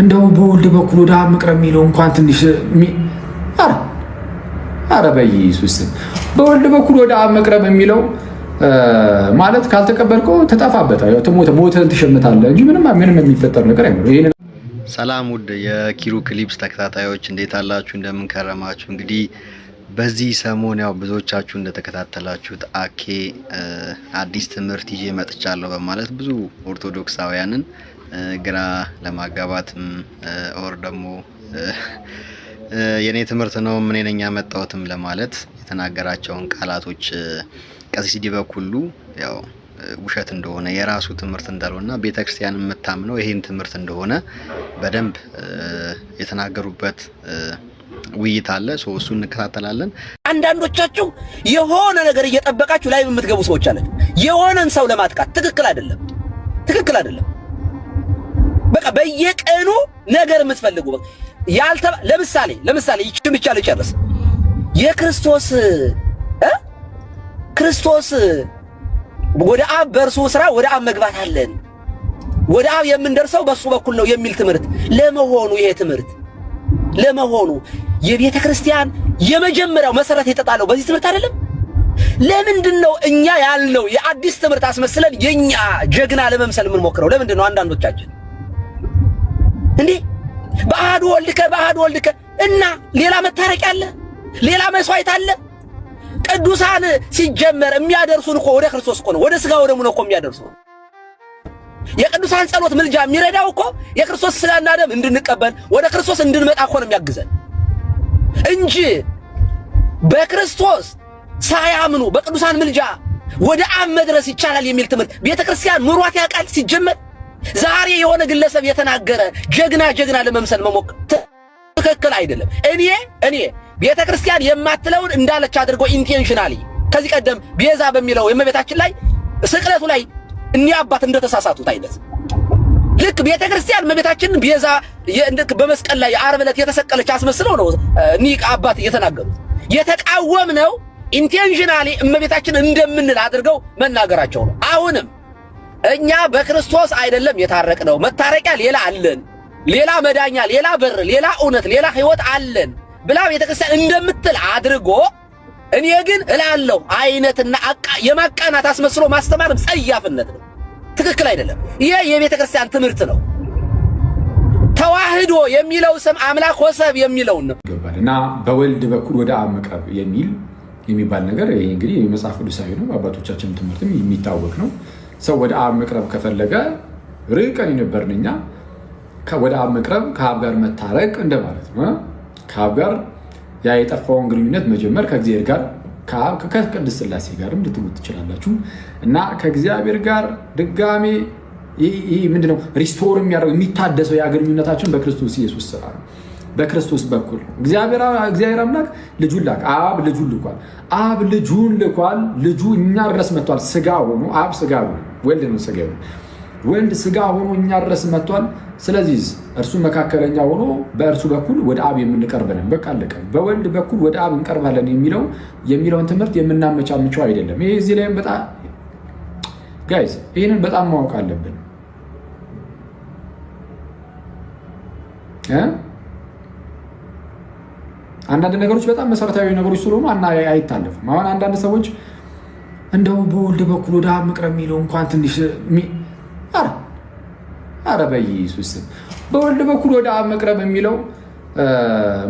እንደው በወልድ በኩል ወደ አብ መቅረብ የሚለው እንኳን ትንሽ አረ በኢየሱስ በወልድ በኩል ወደ አብ መቅረብ የሚለው ማለት ካልተቀበልከው ተጠፋበት ሞተ ሞተን ትሸምታለህ እንጂ ምንም ምንም የሚፈጠር ነገር አይኖርም። ይሄን ሰላም ውድ የኪሩ ክሊፕስ ተከታታዮች እንዴት አላችሁ? ከረማችሁ? እንግዲህ በዚህ ሰሞን ያው ብዙዎቻችሁ እንደተከታተላችሁት አኬ አዲስ ትምህርት ይዤ መጥቻለሁ በማለት ብዙ ኦርቶዶክሳውያንን ግራ ለማጋባትም ኦር ደግሞ የእኔ ትምህርት ነው ምን ነኝ ያመጣሁትም ለማለት የተናገራቸውን ቃላቶች ቀሲስ ሁሉ ያው ውሸት እንደሆነ የራሱ ትምህርት እና ቤተክርስቲያን የምታምነው ይህን ትምህርት እንደሆነ በደንብ የተናገሩበት ውይይት አለ። ሰው እሱ እንከታተላለን። አንዳንዶቻችሁ የሆነ ነገር እየጠበቃችሁ ላይ የምትገቡ ሰዎች አለ። የሆነን ሰው ለማጥቃት ትክክል አይደለም፣ ትክክል አይደለም። በቃ በየቀኑ ነገር የምትፈልጉ ያልተ ለምሳሌ ለምሳሌ ይችን ብቻ ልጨርስ። የክርስቶስ እ ክርስቶስ ወደ አብ በእርሱ ስራ ወደ አብ መግባት አለን ወደ አብ የምንደርሰው በሱ በኩል ነው የሚል ትምህርት ለመሆኑ ይሄ ትምህርት ለመሆኑ የቤተ ክርስቲያን የመጀመሪያው መሰረት የተጣለው በዚህ ትምህርት አይደለም? ለምንድን ነው እኛ ያልነው የአዲስ ትምህርት አስመስለን የኛ ጀግና ለመምሰል የምንሞክረው? ለምንድን ነው አንዳንዶቻችን እንዴ በአሐዱ ወልድከ በአሐዱ ወልድከ እና ሌላ መታረቂያ አለ? ሌላ መስዋዕት አለ? ቅዱሳን ሲጀመር የሚያደርሱን እኮ ወደ ክርስቶስ እኮ ነው፣ ወደ ስጋ ወደሙ ነው እኮ የሚያደርሱ። የቅዱሳን ጸሎት ምልጃ የሚረዳው እኮ የክርስቶስ ስጋና ደም እንድንቀበል ወደ ክርስቶስ እንድንመጣ እኮ ነው የሚያግዘን እንጂ በክርስቶስ ሳያምኑ በቅዱሳን ምልጃ ወደ አብ መድረስ ይቻላል የሚል ትምህርት ቤተ ክርስቲያን ምሯት ያውቃል ሲጀመር ዛሬ የሆነ ግለሰብ የተናገረ ጀግና ጀግና ለመምሰል መሞከር ትክክል አይደለም። እኔ እኔ ቤተ ክርስቲያን የማትለውን እንዳለች አድርጎ ኢንቴንሽናሊ ከዚህ ቀደም ቤዛ በሚለው የእመቤታችን ላይ ስቅለቱ ላይ እኒ አባት እንደተሳሳቱት አይነት ልክ ቤተ ክርስቲያን እመቤታችንን ቤዛ በመስቀል ላይ ዓርብ ዕለት የተሰቀለች አስመስለው ነው እኒ አባት እየተናገሩት የተቃወም ነው ኢንቴንሽናሊ እመቤታችን እንደምንል አድርገው መናገራቸው ነው አሁንም እኛ በክርስቶስ አይደለም የታረቅነው። መታረቂያ ሌላ አለን፣ ሌላ መዳኛ፣ ሌላ በር፣ ሌላ እውነት፣ ሌላ ህይወት አለን ብላ ቤተክርስቲያን እንደምትል አድርጎ እኔ ግን እላለሁ አይነትና አቃ የማቃናት አስመስሎ ማስተማርም ጸያፍነት ነው፣ ትክክል አይደለም። ይሄ የቤተክርስቲያን ትምህርት ነው። ተዋህዶ የሚለው ስም አምላክ ወሰብ የሚለው ነው ይገባል እና በወልድ በኩል ወደ አብ መቅረብ የሚል የሚባል ነገር ይሄ እንግዲህ የመጽሐፍ ቅዱሳዊ ነው፣ አባቶቻችን ትምህርትም የሚታወቅ ነው። ሰው ወደ አብ መቅረብ ከፈለገ ርቀን የነበርን እኛ ወደ አብ መቅረብ ከአብ ጋር መታረቅ እንደማለት ነው። ከአብ ጋር ያ የጠፋውን ግንኙነት መጀመር ከእግዚአብሔር ጋር ከአብ ከቅድስት ሥላሴ ጋርም ልትሉት ትችላላችሁ እና ከእግዚአብሔር ጋር ድጋሜ ይህ ምንድን ሪስቶር የሚያደርገው የሚታደሰው ያ ግንኙነታችን በክርስቶስ ኢየሱስ ስራ ነው። በክርስቶስ በኩል እግዚአብሔር አምላክ ልጁን ላከ። አብ ልጁን ልኳል። አብ ልጁን ልኳል። ልጁ እኛ ድረስ መጥቷል። ስጋ ሆኖ አብ ስጋ ሆኖ ወልድ ነው ስጋ ይሁን ወንድ ስጋ ሆኖ እኛ ድረስ መጥቷል። ስለዚህ እርሱ መካከለኛ ሆኖ በእርሱ በኩል ወደ አብ የምንቀርብ በቃ አለቀ። በወልድ በኩል ወደ አብ እንቀርባለን የሚለው የሚለውን ትምህርት የምናመቻምቸው አይደለም። ይሄ እዚህ ላይም በጣም ጋይዝ ይህንን በጣም ማወቅ አለብን። አንዳንድ ነገሮች በጣም መሰረታዊ ነገሮች ስለሆኑ አይታለፍም። አሁን አንዳንድ ሰዎች እንደው በወልድ በኩል ወደ አብ መቅረብ የሚለው እንኳን ትንሽ አረ በኢየሱስ በወልድ በኩል ወደ አብ መቅረብ የሚለው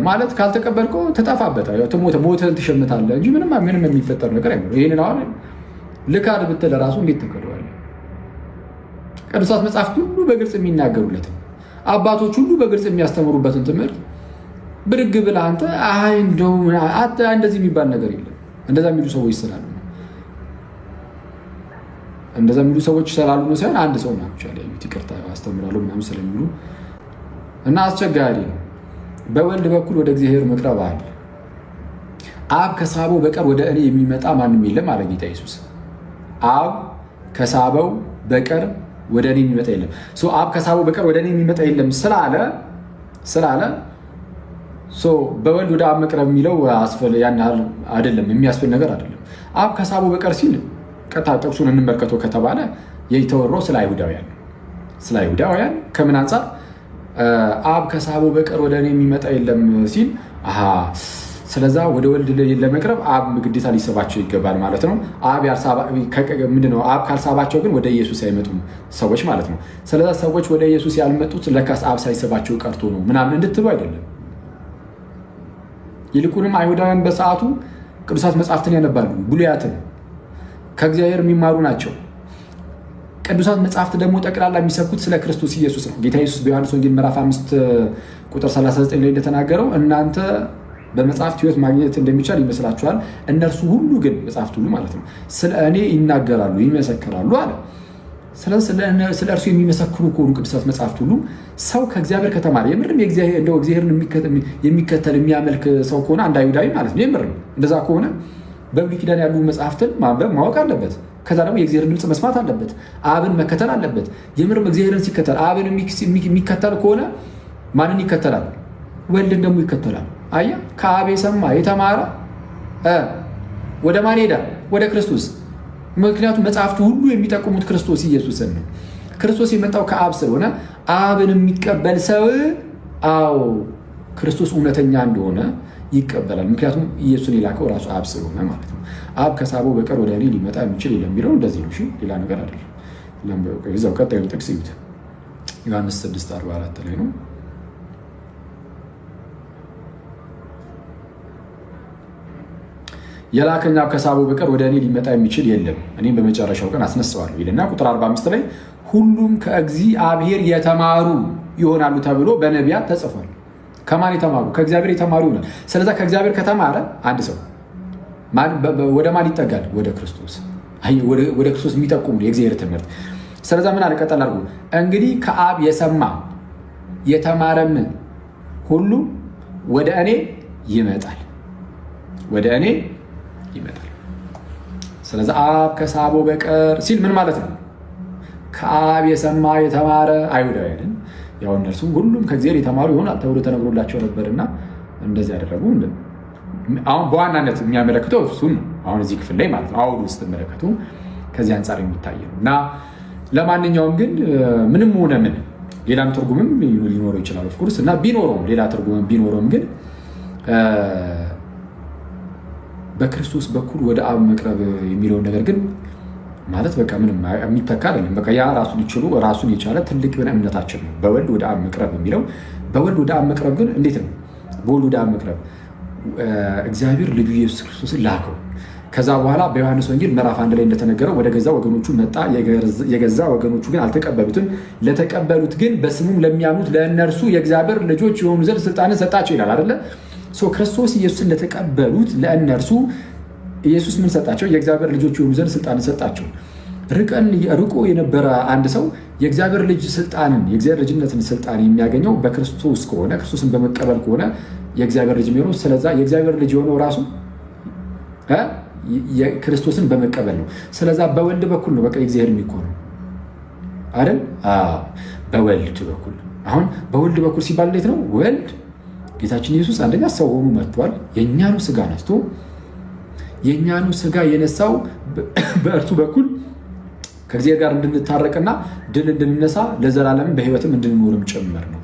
ማለት ካልተቀበልከው ተጠፋበታል፣ ሞትን ትሸምታለህ እንጂ ምንም ምንም የሚፈጠር ነገር አይ ይህንን አሁን ልካድ ብትል ራሱ እንዴት ትክደዋለህ? ቅዱሳት መጽሐፍት ሁሉ በግልጽ የሚናገሩለት አባቶች ሁሉ በግልጽ የሚያስተምሩበትን ትምህርት ብድግ ብለህ አንተ አይ እንደው እንደዚህ የሚባል ነገር የለም እንደዛ የሚሉ ሰዎች ስላሉ እንደዛ የሚሉ ሰዎች ስላሉ ነው ሳይሆን አንድ ሰው ናቸው ያዩት ይቅርታ አስተምራለሁ ምናምን ስለሚሉ እና አስቸጋሪ ነው። በወልድ በኩል ወደ እግዚአብሔር መቅረብ አለ። አብ ከሳበው በቀር ወደ እኔ የሚመጣ ማንም የለም አለ ጌታ ኢየሱስ። አብ ከሳበው በቀር ወደ እኔ የሚመጣ የለም። አብ ከሳበው በቀር ወደ እኔ የሚመጣ የለም ስላለ ስላለ በወልድ ወደ አብ መቅረብ የሚለው አይደለም የሚያስብል ነገር አይደለም። አብ ከሳበው በቀር ሲል ቀጥታ ጥቅሱን እንመልከቶ ከተባለ የተወራው ስለ አይሁዳውያን ስለ አይሁዳውያን ከምን አንጻር አብ ከሳቦ በቀር ወደ እኔ የሚመጣ የለም ሲል ስለዛ ወደ ወልድ ለመቅረብ አብ ግዴታ ሊሰባቸው ይገባል ማለት ነው። ምንድነው? አብ ካልሳባቸው ግን ወደ ኢየሱስ አይመጡም ሰዎች ማለት ነው። ስለዛ ሰዎች ወደ ኢየሱስ ያልመጡት ለካስ አብ ሳይሰባቸው ቀርቶ ነው ምናምን እንድትሉ አይደለም። ይልቁንም አይሁዳውያን በሰዓቱ ቅዱሳት መጽሐፍትን ያነባሉ፣ ብሉያትን ከእግዚአብሔር የሚማሩ ናቸው። ቅዱሳት መጽሐፍት ደግሞ ጠቅላላ የሚሰብኩት ስለ ክርስቶስ ኢየሱስ ነው። ጌታ ኢየሱስ በዮሐንስ ወንጌል ምዕራፍ 5 ቁጥር 39 ላይ እንደተናገረው እናንተ በመጽሐፍት ህይወት ማግኘት እንደሚቻል ይመስላችኋል፣ እነርሱ ሁሉ ግን መጽሐፍት ሁሉ ማለት ነው ስለ እኔ ይናገራሉ፣ ይመሰክራሉ አለ። ስለ እርሱ የሚመሰክሩ ከሆኑ ቅዱሳት መጽሐፍት ሁሉ ሰው ከእግዚአብሔር ከተማረ የምርም እንደው እግዚአብሔርን የሚከተል የሚያመልክ ሰው ከሆነ አንድ አይሁዳዊ ማለት ነው የምርም እንደዛ ከሆነ በብሉይ ኪዳን ያሉ መጽሐፍትን ማንበብ ማወቅ አለበት። ከዛ ደግሞ የእግዚአብሔርን ድምፅ መስማት አለበት። አብን መከተል አለበት። የምርም እግዚአብሔርን ሲከተል አብን የሚከተል ከሆነ ማንን ይከተላል? ወልድን ደግሞ ይከተላል። አየ ከአብ የሰማ የተማረ ወደ ማን ሄዳ? ወደ ክርስቶስ። ምክንያቱም መጽሐፍቱ ሁሉ የሚጠቁሙት ክርስቶስ ኢየሱስን ነው። ክርስቶስ የመጣው ከአብ ስለሆነ አብን የሚቀበል ሰው አዎ ክርስቶስ እውነተኛ እንደሆነ ይቀበላል። ምክንያቱም ኢየሱስን የላከው ራሱ አብ ስለሆነ ማለት ነው። አብ ከሳበው በቀር ወደ እኔ ሊመጣ የሚችል የለም የሚለው እንደዚህ ነው። ሌላ ነገር አይደለም። ዛው ቀጣዩን ጥቅስ እዩት። ዮሐንስ 6 44 ላይ ነው። የላከኝ አብ ከሳበው በቀር ወደ እኔ ሊመጣ የሚችል የለም፣ እኔም በመጨረሻው ቀን አስነሳዋለሁ ይልና ቁጥር 45 ላይ ሁሉም ከእግዚአብሔር የተማሩ ይሆናሉ ተብሎ በነቢያት ተጽፏል። ከማን የተማሩ? ከእግዚአብሔር የተማሩ ይሆናል። ስለዛ ከእግዚአብሔር ከተማረ አንድ ሰው ወደ ማን ይጠጋል? ወደ ክርስቶስ። ወደ ክርስቶስ የሚጠቁሙ የእግዚአብሔር ትምህርት። ስለዚ ምን አለ? ቀጠል እንግዲህ ከአብ የሰማ የተማረም ሁሉ ወደ እኔ ይመጣል፣ ወደ እኔ ይመጣል። ስለዚ አብ ከሳቦ በቀር ሲል ምን ማለት ነው? ከአብ የሰማ የተማረ አይሁዳውያን ያው እነርሱ ሁሉም ከእግዚአብሔር የተማሩ ይሆናል ተብሎ ተነግሮላቸው ነበርና እንደዚህ ያደረጉ አሁን በዋናነት የሚያመለክተው እሱን ነው። አሁን እዚህ ክፍል ላይ ማለት ነው ውስጥ መለከቱ ከዚህ አንጻር የሚታይ ነው እና ለማንኛውም ግን ምንም ሆነ ምን ሌላም ትርጉምም ሊኖረው ይችላል ኦፍኮርስ እና ቢኖረውም ሌላ ትርጉምም ቢኖረውም ግን በክርስቶስ በኩል ወደ አብ መቅረብ የሚለውን ነገር ግን ማለት በቃ ምንም የሚተካ አይደለም። በቃ ያ ራሱን ይችሉ ራሱን የቻለ ትልቅ የሆነ እምነታችን ነው። በወልድ ወደ አብ መቅረብ የሚለው በወልድ ወደ አብ መቅረብ ግን እንዴት ነው? በወልድ ወደ አብ መቅረብ እግዚአብሔር ልጁ ኢየሱስ ክርስቶስን ላከው። ከዛ በኋላ በዮሐንስ ወንጌል ምዕራፍ አንድ ላይ እንደተነገረው ወደ ገዛ ወገኖቹ መጣ፣ የገዛ ወገኖቹ ግን አልተቀበሉትም። ለተቀበሉት ግን በስሙም ለሚያምኑት ለእነርሱ የእግዚአብሔር ልጆች የሆኑ ዘንድ ስልጣንን ሰጣቸው ይላል አይደለ? ክርስቶስ ኢየሱስን ለተቀበሉት ለእነርሱ ኢየሱስ ምን ሰጣቸው? የእግዚአብሔር ልጆች የሆኑ ዘንድ ስልጣን ሰጣቸው። ርቀን ርቆ የነበረ አንድ ሰው የእግዚአብሔር ልጅ ስልጣንን የእግዚአብሔር ልጅነትን ስልጣን የሚያገኘው በክርስቶስ ከሆነ ክርስቶስን በመቀበል ከሆነ የእግዚአብሔር ልጅ የሚሆነው ስለዛ የእግዚአብሔር ልጅ የሆነው ራሱ ክርስቶስን በመቀበል ነው። ስለዛ በወልድ በኩል ነው በቃ እግዚአብሔር የሚኮነው አይደል? በወልድ በኩል አሁን በወልድ በኩል ሲባል እንዴት ነው? ወልድ ጌታችን ኢየሱስ አንደኛ ሰው ሆኖ መጥቷል። የእኛ ነው ስጋ ነስቶ የእኛኑ ስጋ የነሳው በእርሱ በኩል ከእግዚአብሔር ጋር እንድንታረቅና ድል እንድንነሳ ለዘላለምን በህይወትም እንድንኖርም ጭምር ነው።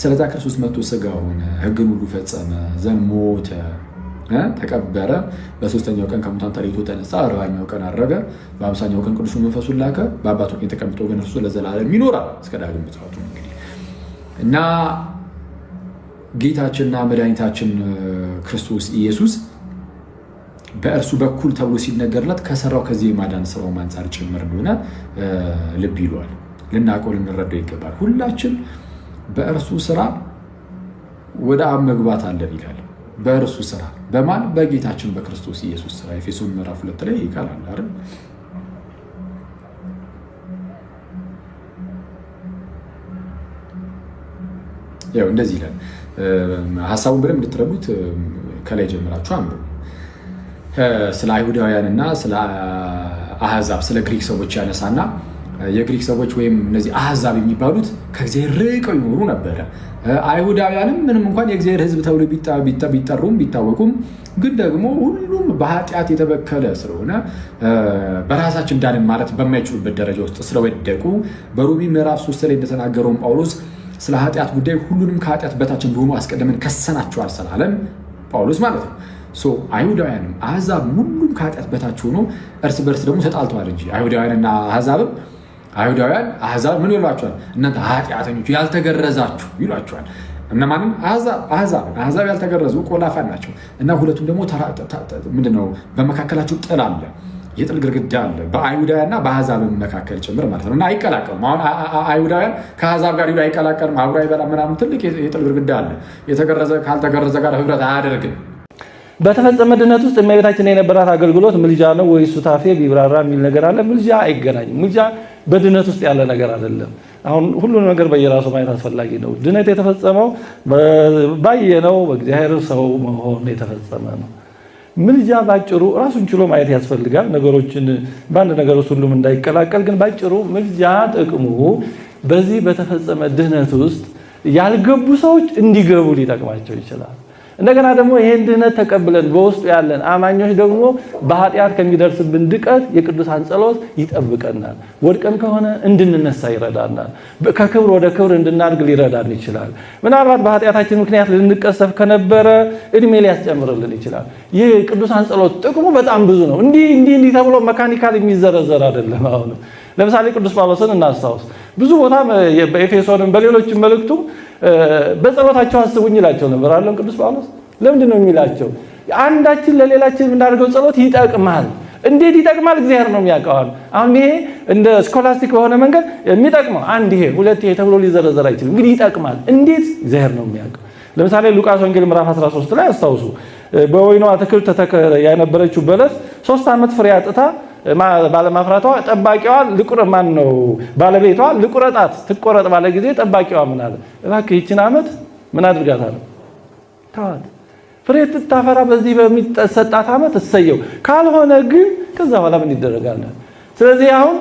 ስለዛ ክርስቶስ መጥቶ ስጋ ሆነ፣ ሕግን ሁሉ ፈጸመ፣ ዘሞተ፣ ተቀበረ፣ በሶስተኛው ቀን ከሙታን ተለይቶ ተነሳ፣ አርባኛው ቀን አረገ፣ በአምሳኛው ቀን ቅዱሱ መንፈሱን ላከ፣ በአባቱ ቀኝ ተቀምጦ ግን እርሱ ለዘላለም ይኖራል እስከ ዳግም ምጽአቱ እንግዲህ እና ጌታችንና መድኃኒታችን ክርስቶስ ኢየሱስ በእርሱ በኩል ተብሎ ሲነገርለት ከሰራው ከዚህ የማዳን ስራው አንጻር ጭምር እንደሆነ ልብ ይለዋል። ልናውቀው ልንረዳው ይገባል። ሁላችን በእርሱ ስራ ወደ አብ መግባት አለን ይላል። በእርሱ ስራ በማን በጌታችን በክርስቶስ ኢየሱስ ስራ ኤፌሶን ምዕራፍ ሁለት ላይ ይህ ቃል አለ አይደል? ያው እንደዚህ ይላል። ሀሳቡን ብለን እንድትረዱት ከላይ ጀምራችሁ አንብቡ። ስለ አይሁዳውያንና ስለ አህዛብ ስለ ግሪክ ሰዎች ያነሳና የግሪክ ሰዎች ወይም እነዚህ አህዛብ የሚባሉት ከእግዚአብሔር ርቀው ይኖሩ ነበረ። አይሁዳውያንም ምንም እንኳን የእግዚአብሔር ሕዝብ ተብሎ ቢጠሩም ቢታወቁም ግን ደግሞ ሁሉም በኃጢአት የተበከለ ስለሆነ በራሳችን ዳንን ማለት በማይችሉበት ደረጃ ውስጥ ስለወደቁ በሮሚ ምዕራፍ ሶስት ላይ እንደተናገረውን ጳውሎስ ስለ ኃጢአት ጉዳይ ሁሉንም ከኃጢአት በታች እንደሆኑ አስቀድመን ከሰናቸዋል ስላለን ጳውሎስ ማለት ነው። አይሁዳውያንም አዛብ ሁሉም ከኃጢአት በታች ሆኖ እርስ በርስ ደግሞ ተጣልተዋል እንጂ አይሁዳውያንና አሕዛብም አይሁዳውያን አሕዛብ ምን ይሏቸዋል? እናንተ ኃጢአተኞች ያልተገረዛችሁ ይሏቸዋል። እነማንም አሕዛብ ያልተገረዙ ቆላፋን ናቸው እና ሁለቱም ደግሞ ምንድነው በመካከላቸው ጥል አለ፣ የጥል ግርግዳ አለ በአይሁዳውያንና በአዛብ መካከል ጭምር ማለት ነው። እና አይቀላቀሉም። አሁን አይሁዳውያን ከአሕዛብ ጋር አይቀላቀልም፣ አብሮ አይበላም ምናምን ትልቅ የጥል ግርግዳ አለ። የተገረዘ ካልተገረዘ ጋር ህብረት አያደርግም። በተፈጸመ ድነት ውስጥ እመቤታችን የነበራት አገልግሎት ምልጃ ነው ወይ ሱታፌ ቢብራራ የሚል ነገር አለ። ምልጃ አይገናኝም። ምልጃ በድነት ውስጥ ያለ ነገር አይደለም። አሁን ሁሉን ነገር በየራሱ ማየት አስፈላጊ ነው። ድነት የተፈጸመው ባየነው በእግዚአብሔር ሰው መሆን የተፈጸመ ነው። ምልጃ ባጭሩ ራሱን ችሎ ማየት ያስፈልጋል። ነገሮችን በአንድ ነገር ውስጥ ሁሉም እንዳይቀላቀል ግን ባጭሩ ምልጃ ጥቅሙ በዚህ በተፈጸመ ድህነት ውስጥ ያልገቡ ሰዎች እንዲገቡ ሊጠቅማቸው ይችላል። እንደገና ደግሞ ይሄን ድህነት ተቀብለን በውስጡ ያለን አማኞች ደግሞ በኃጢአት ከሚደርስብን ድቀት የቅዱሳን ጸሎት ይጠብቀናል። ወድቀን ከሆነ እንድንነሳ ይረዳናል። ከክብር ወደ ክብር እንድናድግ ሊረዳን ይችላል። ምናልባት በኃጢአታችን ምክንያት ልንቀሰፍ ከነበረ እድሜ ሊያስጨምርልን ይችላል። ይህ ቅዱሳን ጸሎት ጥቅሙ በጣም ብዙ ነው። እንዲህ እንዲህ ተብሎ መካኒካል የሚዘረዘር አይደለም። አሁንም ለምሳሌ ቅዱስ ጳውሎስን እናስታውስ። ብዙ ቦታ በኤፌሶንም በሌሎችም መልእክቱ በጸሎታቸው አስቡኝ ይላቸው ነበር አለም ቅዱስ ጳውሎስ ለምንድን ነው የሚላቸው? አንዳችን ለሌላችን የምናደርገው ጸሎት ይጠቅማል። እንዴት ይጠቅማል? እግዚአብሔር ነው የሚያውቀዋል። አሁን ይሄ እንደ ስኮላስቲክ በሆነ መንገድ የሚጠቅመው አንድ ይሄ ሁለት ይሄ ተብሎ ሊዘረዘር አይችልም። እንግዲህ ይጠቅማል እንዴት? እግዚአብሔር ነው የሚያውቀው። ለምሳሌ ሉቃስ ወንጌል ምዕራፍ 13 ላይ አስታውሱ። በወይኑ አትክልት ተተከለ የነበረችው በለስ ሶስት ዓመት ፍሬ አጥታ ባለማፍራቷ ጠባቂዋ ልቁረ ማን ነው ባለቤቷ ልቁረጣት ትቆረጥ ባለ ጊዜ ጠባቂዋ ምን አለ? እባክህ ይችን ዓመት ምን አለ? ተዋት ፍሬ ትታፈራ በዚህ በሚሰጣት ዓመት እሰየው። ካልሆነ ግን ከዛ በኋላ ምን ይደረጋል? ስለዚህ አሁን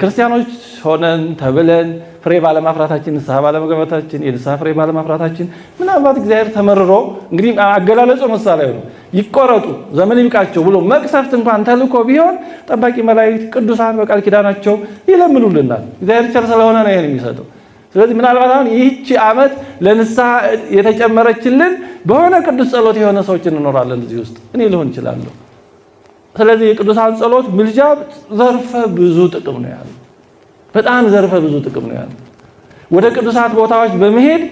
ክርስቲያኖች ሆነን ተብለን ፍሬ ባለማፍራታችን፣ ንስሐ ባለመግባታችን፣ የንስሐ ፍሬ ባለማፍራታችን ምናልባት እግዚአብሔር ተመርሮ እንግዲህ አገላለጹ መሳሪያ ነው ይቆረጡ ዘመን ይብቃቸው ብሎ መቅሰፍት እንኳን ተልኮ ቢሆን ጠባቂ መላእክት ቅዱሳን በቃል ኪዳናቸው ይለምሉልናል። እግዚአብሔር ቸር ስለሆነ ነው ይሄን የሚሰጠው። ስለዚህ ምናልባት አሁን ይህቺ ዓመት ለንስሐ የተጨመረችልን በሆነ ቅዱስ ጸሎት የሆነ ሰዎች እንኖራለን እዚህ ውስጥ እኔ ልሆን እችላለሁ። ስለዚህ የቅዱሳን ጸሎት ምልጃ ዘርፈ ብዙ ጥቅም ነው ያለው። በጣም ዘርፈ ብዙ ጥቅም ነው ያለው። ወደ ቅዱሳት ቦታዎች በመሄድ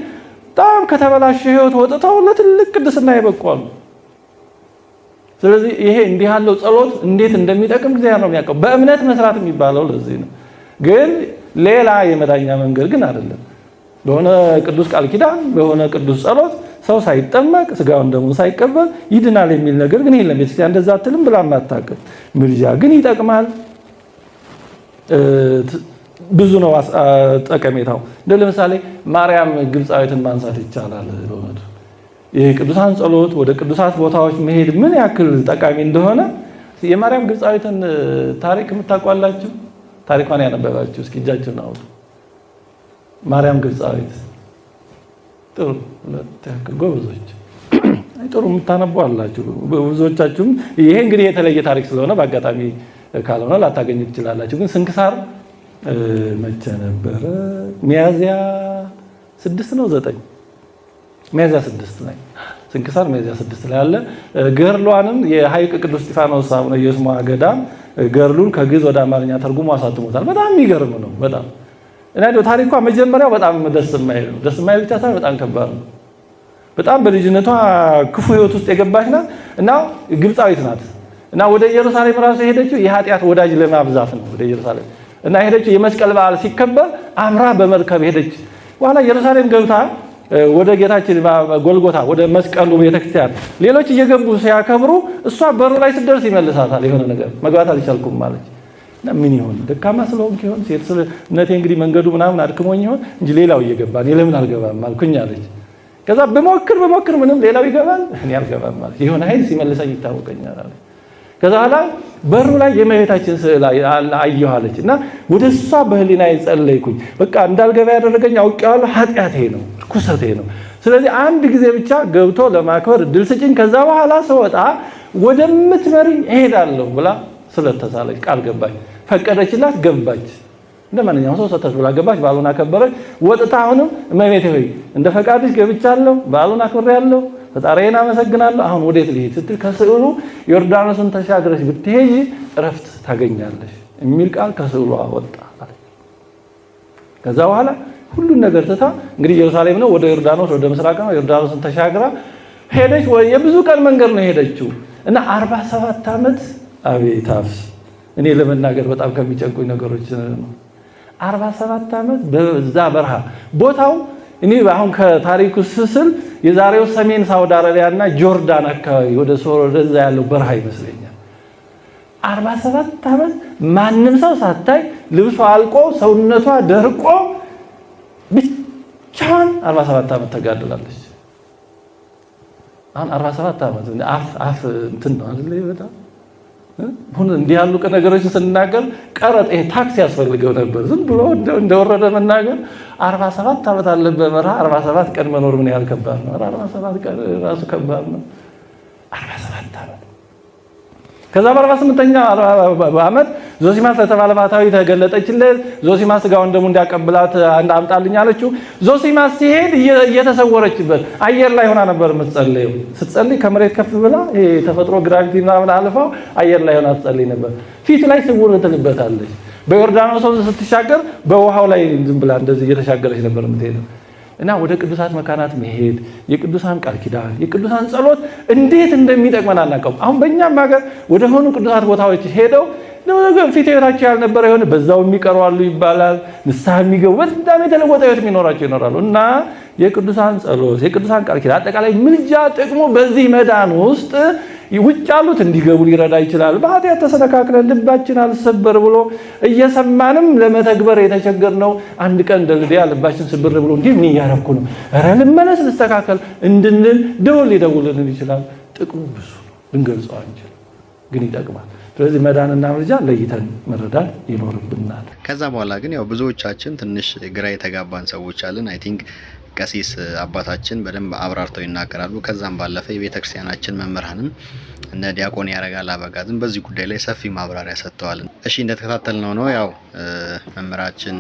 በጣም ከተበላሸ ህይወት ወጥተው ለትልቅ ቅድስና ይበቋሉ። ስለዚህ ይሄ እንዲህ ያለው ጸሎት እንዴት እንደሚጠቅም እግዚአብሔር ነው የሚያውቀው። በእምነት መስራት የሚባለው ለዚህ ነው። ግን ሌላ የመዳኛ መንገድ ግን አይደለም። በሆነ ቅዱስ ቃል ኪዳን፣ በሆነ ቅዱስ ጸሎት ሰው ሳይጠመቅ ስጋውን ደግሞ ሳይቀበል ይድናል የሚል ነገር ግን የለም። ቤተክርስቲያን እንደዛ አትልም ብላ አታውቅም። ምርጃ ግን ይጠቅማል። ብዙ ነው ጠቀሜታው። እንደ ለምሳሌ ማርያም ግብፃዊትን ማንሳት ይቻላል። በእውነቱ ይህ ቅዱሳን ጸሎት፣ ወደ ቅዱሳት ቦታዎች መሄድ ምን ያክል ጠቃሚ እንደሆነ የማርያም ግብፃዊትን ታሪክ የምታውቋላችሁ፣ ታሪኳን ያነበባችሁ እስኪ እጃችሁን አውጡ። ማርያም ግብፃዊት ጥሩ ያክል ጎበዞች፣ ጥሩ የምታነቡ አላችሁ። ብዙዎቻችሁም ይሄ እንግዲህ የተለየ ታሪክ ስለሆነ በአጋጣሚ ካልሆነ ላታገኙ ትችላላችሁ። ግን ስንክሳር መቼ ነበረ? ሚያዝያ ስድስት ነው ዘጠኝ ሚያዚያ ስድስት ላይ ስንክሳር ሚያዚያ ስድስት ላይ አለ። ገርሏንም የሐይቅ ቅዱስ እስጢፋኖስ አቡነ የስምዖን ገዳም ገርሉን ከግዕዝ ወደ አማርኛ ተርጉሞ አሳትሞታል። በጣም የሚገርም ነው። በጣም እና እንደው ታሪኳ መጀመሪያው በጣም ደስ የማይል ነው። ደስ የማይል ብቻ ሳይሆን በጣም ከባድ ነው። በጣም በልጅነቷ ክፉ ህይወት ውስጥ የገባች ናት እና ግብፃዊት ናት እና ወደ ኢየሩሳሌም ራሱ የሄደችው የኃጢአት ወዳጅ ለማብዛት ነው ወደ ኢየሩሳሌም እና ሄደች። የመስቀል በዓል ሲከበር አምራ በመርከብ ሄደች። በኋላ ኢየሩሳሌም ገብታ ወደ ጌታችን ጎልጎታ ወደ መስቀሉ ቤተክርስቲያን ሌሎች እየገቡ ሲያከብሩ እሷ በሩ ላይ ስደርስ ይመልሳታል። የሆነ ነገር መግባት አልቻልኩም ማለች እና ምን ይሆን ደካማ ስለሆንክ ይሆን ሴት ስለነቴ እንግዲህ መንገዱ ምናምን አድክሞኝ ይሆን እንጂ ሌላው እየገባ እኔ ለምን አልገባም አልኩኝ አለች። ከዛ በሞክር በሞክር ምንም ሌላው ይገባል እኔ አልገባም ማለት የሆነ ኃይል ሲመልሰኝ ይታወቀኛል አለ። ከዛ ኋላ በሩ ላይ የመቤታችን ስዕል አየኋለች እና ወደ እሷ በህሊና የጸለይኩኝ በቃ እንዳልገባ ያደረገኝ አውቄዋለሁ። ኃጢአቴ ነው፣ ርኩሰቴ ነው። ስለዚህ አንድ ጊዜ ብቻ ገብቶ ለማክበር እድል ስጭኝ፣ ከዛ በኋላ ስወጣ ወደምትመሪኝ እሄዳለሁ ብላ ስለተሳለች ቃል ገባች። ፈቀደችላት፣ ገባች። እንደ ማንኛውም ሰው ሰተች ብላ ገባች። ባሉን አከበረች። ወጥታ አሁንም እመቤቴ ሆይ እንደ ፈቃድሽ ገብቻለሁ፣ ባሉን አክብሬያለሁ ፈጣሪዬን አመሰግናለሁ አሁን ወዴት ልሂድ ስትል ከስዕሉ ዮርዳኖስን ተሻግረሽ ብትሄጂ እረፍት ታገኛለሽ የሚል ቃል ከስዕሉ አወጣ። ከዛ በኋላ ሁሉን ነገር ትታ እንግዲህ ኢየሩሳሌም ነው፣ ወደ ዮርዳኖስ ወደ ምስራቅ ነው። ዮርዳኖስን ተሻግራ ሄደች። የብዙ ቀን መንገድ ነው የሄደችው እና አርባ ሰባት ዓመት አቤት አፍስ እኔ ለመናገር በጣም ከሚጨንቁኝ ነገሮች ነው። አርባ ሰባት ዓመት በዛ በረሃ ቦታው እኔ አሁን ከታሪኩ ስስል የዛሬው ሰሜን ሳውዲ አረቢያ እና ጆርዳን አካባቢ ወደ ሶሮ ወደዛ ያለው በረሃ ይመስለኛል። 47 ዓመት ማንም ሰው ሳታይ ልብሷ አልቆ ሰውነቷ ደርቆ ብቻዋን 47 ዓመት ተጋድላለች። አሁን 47 ዓመት አፍ አፍ እንትን ነው አይደል በጣም ሁን እንዲህ ያሉ ነገሮችን ስንናገር ቀረጥ ይሄ ታክሲ ያስፈልገው ነበር። ዝም ብሎ እንደወረደ መናገር 47 ዓመት አለበት በረሃ 47 ቀን መኖር ምን ያህል ከባድ ነው? 47 ቀን ራሱ ከባድ ነው። 47 ዓመት ከዛ በ 48 ዓመት ዞሲማስ ለተባለ ባህታዊ ተገለጠችለት። ዞሲማስ ጋር ወንደሙ እንዲያቀብላት አምጣልኝ አለችው። ዞሲማስ ሲሄድ እየተሰወረችበት አየር ላይ ሆና ነበር የምትጸልየው። ስትጸልይ ከመሬት ከፍ ብላ ተፈጥሮ ግራቪቲ ምናምን አልፋው አየር ላይ ሆና ትጸልይ ነበር። ፊት ላይ ስውር ትልበታለች። በዮርዳኖስ ስትሻገር በውሃው ላይ ዝም ብላ እንደዚህ እየተሻገረች ነበር የምትሄደው። እና ወደ ቅዱሳት መካናት መሄድ የቅዱሳን ቃል ኪዳን የቅዱሳን ጸሎት እንዴት እንደሚጠቅመን አናውቀውም። አሁን በእኛም ሀገር ወደ ሆኑ ቅዱሳት ቦታዎች ሄደው ፊት ህይወታቸው ያልነበረ የሆነ በዛው የሚቀሩ አሉ ይባላል። ንስሐ የሚገቡ በጣም የተለወጠ ህይወት የሚኖራቸው ይኖራሉ እና የቅዱሳን ጸሎት የቅዱሳን ቃል ኪዳን አጠቃላይ ምልጃ ጥቅሙ በዚህ መዳን ውስጥ ውጭ ያሉት እንዲገቡ ሊረዳ ይችላል። በኃጢአት ተሰነካክለን ልባችን አልሰበር ብሎ እየሰማንም ለመተግበር ነው አንድ ቀን እንደ ልባችን ስብር ብሎ እንዲህ ምን እያረኩ ነው፣ ኧረ ልመለስ፣ ልስተካከል እንድንል ደወል ሊደውልልን ይችላል። ጥቅሙ ብዙ ነው፣ ልንገልጸው አንችል፣ ግን ይጠቅማል። ስለዚህ መዳንና ምልጃ ለይተን መረዳት ይኖርብናል። ከዛ በኋላ ግን ያው ብዙዎቻችን ትንሽ ግራ የተጋባን ሰዎች አለን። አይ ቲንክ ቀሲስ አባታችን በደንብ አብራርተው ይናገራሉ። ከዛም ባለፈ የቤተክርስቲያናችን መምህራንም እነ ዲያቆን ያረጋል አበጋዝም በዚህ ጉዳይ ላይ ሰፊ ማብራሪያ ሰጥተዋል። እሺ እንደተከታተል ነው ነው ያው መምህራችን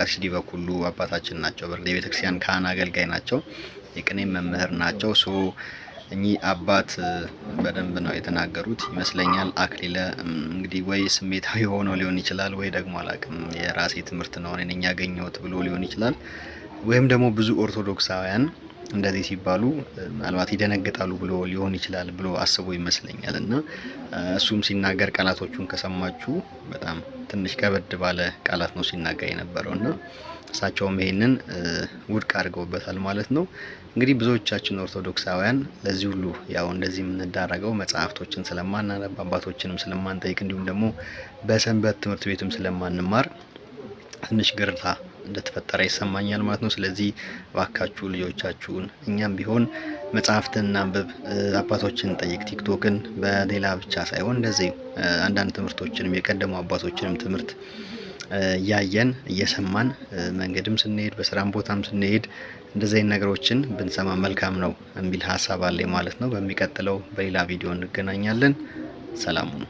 ቀሲስ ዲበኩሉ አባታችን ናቸው። በእርግጥ የቤተክርስቲያን ካህን አገልጋይ ናቸው። የቅኔም መምህር ናቸው። ሶ እኚህ አባት በደንብ ነው የተናገሩት ይመስለኛል። አክሊለ እንግዲህ ወይ ስሜታዊ ሆኖ ሊሆን ይችላል፣ ወይ ደግሞ አላቅም የራሴ ትምህርት ነው እኔ ያገኘሁት ብሎ ሊሆን ይችላል። ወይም ደግሞ ብዙ ኦርቶዶክሳውያን እንደዚህ ሲባሉ ምናልባት ይደነግጣሉ ብሎ ሊሆን ይችላል ብሎ አስቦ ይመስለኛል። እና እሱም ሲናገር ቃላቶቹን ከሰማችሁ በጣም ትንሽ ከበድ ባለ ቃላት ነው ሲናገር የነበረው እና እሳቸውም ይሄንን ውድቅ አድርገውበታል ማለት ነው። እንግዲህ ብዙዎቻችን ኦርቶዶክሳውያን ለዚህ ሁሉ ያው እንደዚህ የምንዳረገው መጽሐፍቶችን ስለማናነብ አባቶችንም ስለማንጠይቅ እንዲሁም ደግሞ በሰንበት ትምህርት ቤትም ስለማንማር ትንሽ ግርታ እንደተፈጠረ ይሰማኛል ማለት ነው። ስለዚህ እባካችሁ ልጆቻችሁን እኛም ቢሆን መጽሐፍትን እናንብብ፣ አባቶችን ጠይቅ፣ ቲክቶክን በሌላ ብቻ ሳይሆን እንደዚህ አንዳንድ ትምህርቶችንም የቀደሙ አባቶችንም ትምህርት እያየን እየሰማን መንገድም ስንሄድ በስራም ቦታም ስንሄድ እንደዚህ ነገሮችን ብንሰማ መልካም ነው የሚል ሀሳብ አለ ማለት ነው። በሚቀጥለው በሌላ ቪዲዮ እንገናኛለን። ሰላም ነው።